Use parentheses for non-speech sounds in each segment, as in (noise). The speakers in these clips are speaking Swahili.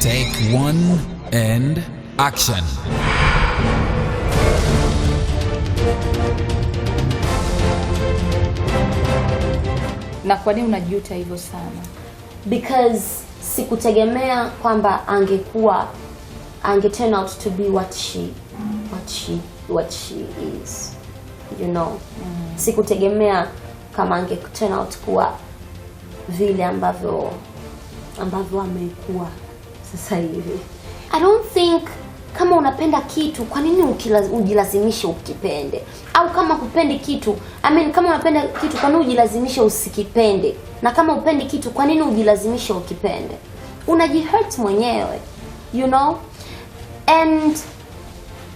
Take one and action. Na kwa nini unajuta hivyo sana? Because sikutegemea kwamba angekuwa ange turn out to be what she what she what she is. You know. Mm. Sikutegemea kama ange turn out kuwa vile ambavyo ambavyo amekuwa sasa hivi. I don't think kama unapenda kitu kwa nini ujilazimishe ukipende? Au kama kupendi kitu, I mean, kama unapenda kitu kwa nini ujilazimishe usikipende? Na kama upendi kitu kwa nini ujilazimishe ukipende? Unajihurt mwenyewe, you know? And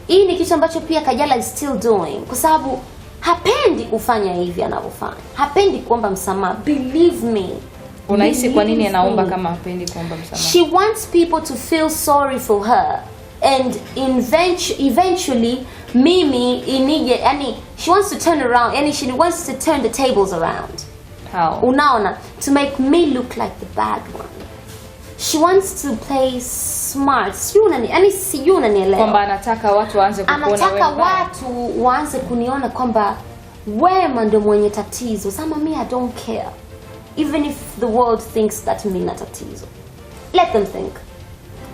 hii ni kitu ambacho pia Kajala is still doing kwa sababu hapendi kufanya hivi anavyofanya, hapendi kuomba msamaha, believe me. Unahisi kwa nini anaomba kama hapendi kuomba msamaha? She wants people to feel sorry for her and eventually mimi inije, yani she wants to turn around, yani she wants to turn the tables around. How? Unaona, to make me look like the bad one. She wants to play smart. Sijui unani, unanielewa. anataka watu waanze Anataka watu waanze kuniona kwamba Wema ndio mwenye tatizo. Sama, me I don't care even if the world thinks that a tatizo. Let them think.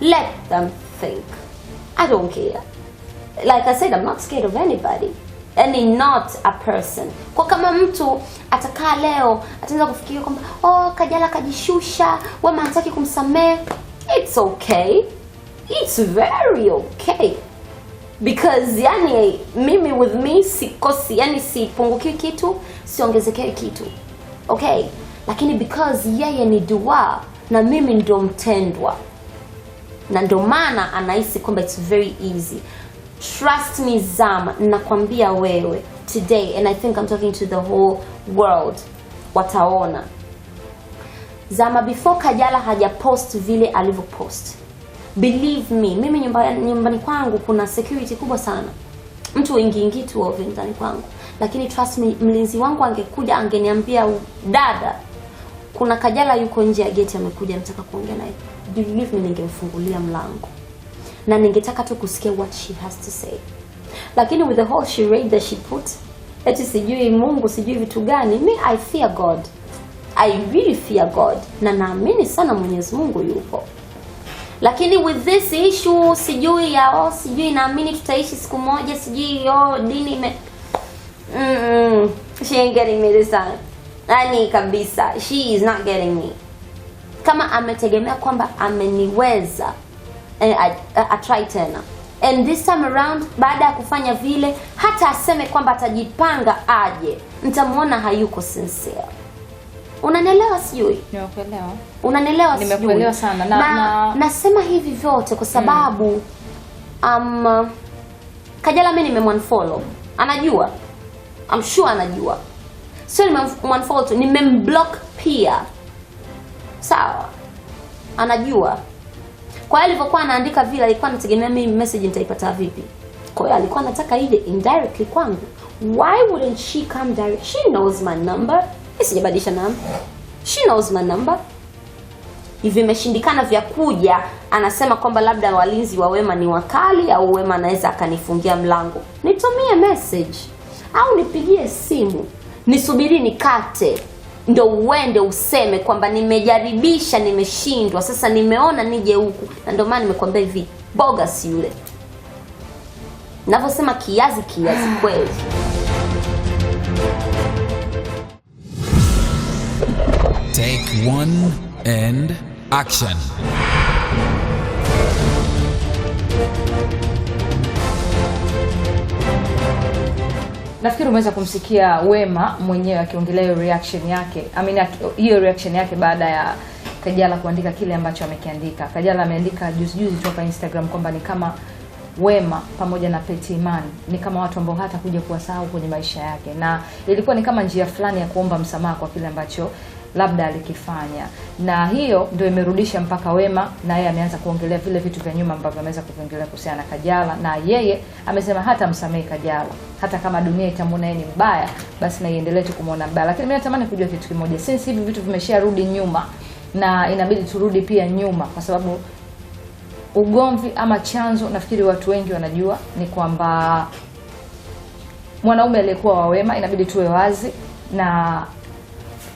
Let them think. I don't care. Like I said, I'm not scared of anybody. Any not a person. Kwa kama mtu atakaa leo ataanza kufikiria kwamba oh, Kajala kajishusha, Wema hataki kumsamehe. It's okay. It's very okay. Because yani mimi with me sikosi, yani sipungukiwi kitu, siongezekei kitu. Okay? lakini because yeye ni dua na mimi ndo mtendwa, na ndo maana anahisi kwamba it's very easy. Trust me zam nakwambia wewe today, and I think I'm talking to the whole world, wataona Zama before Kajala hajapost vile alivyopost. Believe me, mimi nyumbani, nyumba kwangu kuna security kubwa sana, mtu wengiingi tu ovyo nyumbani kwangu, lakini trust me, mlinzi wangu angekuja angeniambia dada kuna Kajala yuko nje ya geti amekuja, nataka kuongea naye. Believe me, ningemfungulia mlango na ningetaka tu kusikia what she has to say, lakini with the whole she read that she put, eti sijui Mungu sijui vitu gani. Me I fear God, I really fear God, na naamini sana Mwenyezi Mungu yupo, lakini with this issue sijui ya oh, sijui naamini tutaishi siku moja, sijui oh, dini ime mm -mm. She ain't getting me this time yani kabisa, she is not getting me. Kama ametegemea kwamba ameniweza I, I, I try tena and this time around, baada ya kufanya vile, hata aseme kwamba atajipanga aje, nitamwona hayuko sincere. Unanielewa? Sijui unanielewa, nimekuelewa sana na, na, na nasema hivi vyote kwa sababu mm. um, Kajala mimi nimemwanfolo anajua I'm sure anajua sio nimemfollow, nimemblock pia, sawa, anajua. Kwa hiyo alivyokuwa anaandika vile, alikuwa anategemea mimi message nitaipata vipi? Kwa hiyo alikuwa anataka ile indirectly kwangu. Why wouldn't she come direct? She knows my number. Sijabadilisha namba. She knows my number. Hivi Vimeshindikana vya kuja, anasema kwamba labda walinzi wa Wema ni wakali au Wema anaweza akanifungia mlango. Nitumie message au nipigie simu nisubiri nikate ndo uende useme kwamba nimejaribisha, nimeshindwa, sasa nimeona nije huku. Na ndio maana nimekwambia hivi, boga si yule navyosema, kiazi kiazi (sighs) kweli. Take one and action. nafikiri umeweza kumsikia Wema mwenyewe akiongelea hiyo reaction yake, I mean hiyo reaction yake baada ya Kajala kuandika kile ambacho amekiandika. Kajala ameandika juzi juzi tu hapa Instagram kwamba ni kama Wema pamoja na Peti ni kama watu ambao hata kuja kuwasahau kwenye maisha yake, na ilikuwa ni kama njia fulani ya kuomba msamaha kwa kile ambacho labda alikifanya, na hiyo ndio imerudisha mpaka Wema na yeye ameanza kuongelea vile vitu vya nyuma ambavyo ameweza kuviongelea kuhusiana na Kajala, na yeye amesema hata msamehe Kajala, hata kama dunia itamwona yeye ni mbaya, basi na iendelee tu kumwona mbaya. Lakini mimi natamani kujua kitu kimoja, since hivi vitu vimesharudi nyuma na inabidi turudi pia nyuma, kwa sababu ugomvi ama chanzo, nafikiri watu wengi wanajua ni kwamba mwanaume aliyekuwa wa Wema, inabidi tuwe wazi na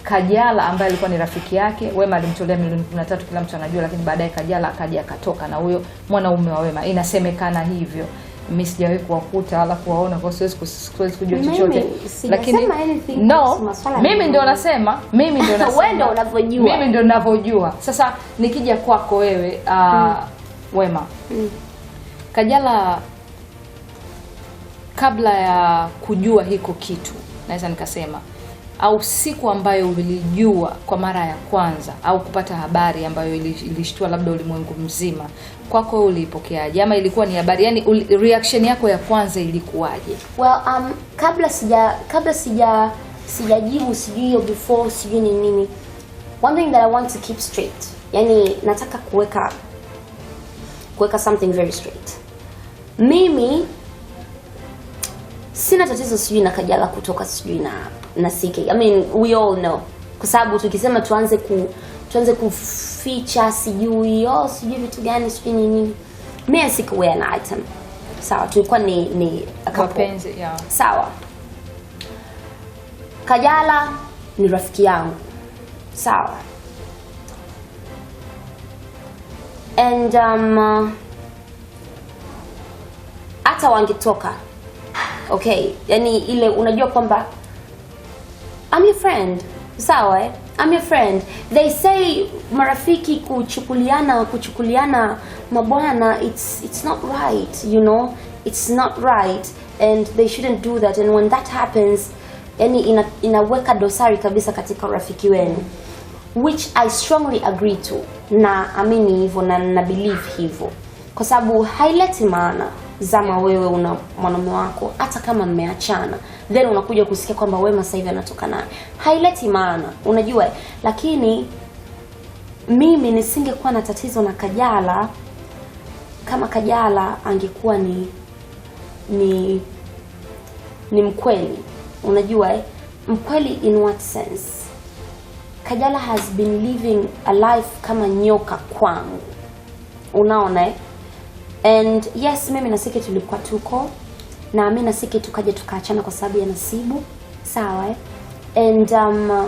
Kajala ambaye alikuwa ni rafiki yake, Wema alimtolea milioni 13, kila mtu anajua, lakini baadaye Kajala akaja akatoka na huyo mwanaume wa Wema, inasemekana hivyo. Mimi sijawahi kuwakuta wala kuwaona, kwa siwezi siwezi kujua chochote, lakini no, mimi ndio nasema, mimi ndio (laughs) nasema, wewe ndio unavyojua, mimi ndio ninavyojua. Sasa nikija kwako wewe, uh, hmm. Wema hmm. Kajala kabla ya kujua hiko kitu, naweza nikasema au siku ambayo ulijua kwa mara ya kwanza au kupata habari ambayo ilishtua labda ulimwengu mzima, kwako wewe uliipokeaje? Ama ilikuwa ni habari yani reaction yako ya kwanza ilikuwaje? Well, um, kabla sija kabla sija sijajibu sijui hiyo before sijui ni nini, one thing that I want to keep straight, yani nataka kuweka kuweka something very straight. Mimi sina tatizo sijui na Kajala kutoka sijui na na CK. I mean we all know, kwa sababu tukisema tuanze ku tuanze kuficha sijui oh sijui vitu gani sijui nini, mimi sikuwa na item sawa, tulikuwa ni ni wapenzi yeah. Sawa, Kajala ni rafiki yangu sawa and um, hata wangetoka okay, yani ile unajua kwamba I'm your friend. Sawa eh? I'm your friend. They say marafiki kuchukuliana kuchukuliana mabwana it's it's not right, you know? It's not right and they shouldn't do that and when that happens yani ina, inaweka dosari kabisa katika urafiki wenu which I strongly agree to na amini hivyo na na believe hivyo kwa sababu haileti maana zama wewe una mwanaume wako, hata kama mmeachana, then unakuja kusikia kwamba Wema sasa hivi anatoka naye, haileti maana, unajua. Lakini mimi nisingekuwa na tatizo na Kajala kama Kajala angekuwa ni ni ni mkweli, unajua, eh, mkweli in what sense? Kajala has been living a life kama nyoka kwangu, unaona eh? And yes, mimi na Siki tulikuwa tuko na mimi na Siki tukaja tukaachana kwa sababu ya nasibu, sawa eh? And um,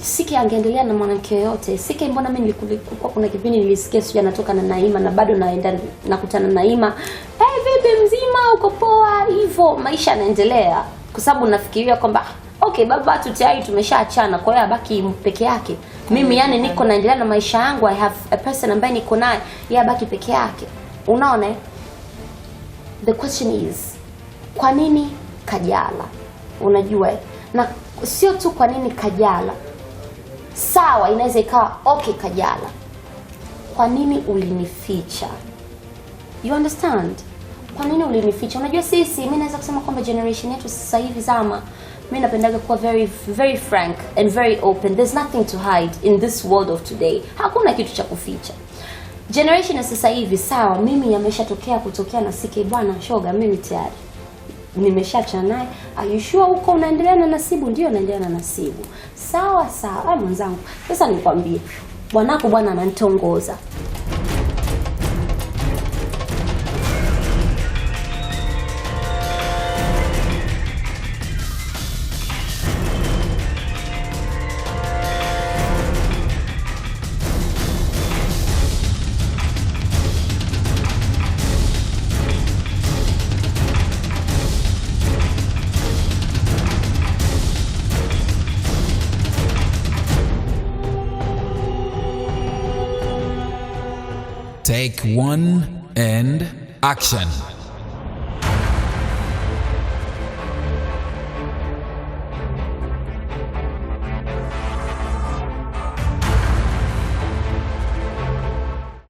Siki angeendelea na mwanamke yoyote. Siki, mbona mimi nilikuwa, kuna kipindi nilisikia sio anatoka na Naima na bado naenda nakutana na Naima. Hey, eh, vipi mzima, uko poa? Hivyo maisha yanaendelea, kwa sababu nafikiria kwamba okay, baba tu tayari tumeshaachana, kwa hiyo abaki peke yake. Mimi yani niko naendelea na maisha yangu, I have a person ambaye niko naye, yeye abaki peke yake. Unaona, the question is kwa nini Kajala? Unajua, na sio tu kwa nini Kajala, sawa, inaweza ikawa okay, Kajala, kwa nini ulinificha? You understand? Kwa nini ulinificha? Unajua sisi, mimi naweza kusema kwamba generation yetu sasa hivi zama, mimi napendaga kuwa very very frank and very open. There's nothing to hide in this world of today. Hakuna kitu cha kuficha generation ya sasa hivi, sawa, mimi yameshatokea kutokea na sike bwana shoga, mimi tayari nimeshacha naye. Are you sure huko unaendelea na nasibu? Ndio, naendelea na nasibu. Sawa sawa, mwenzangu, sasa nikwambie, bwanako bwana ananitongoza Take one and action.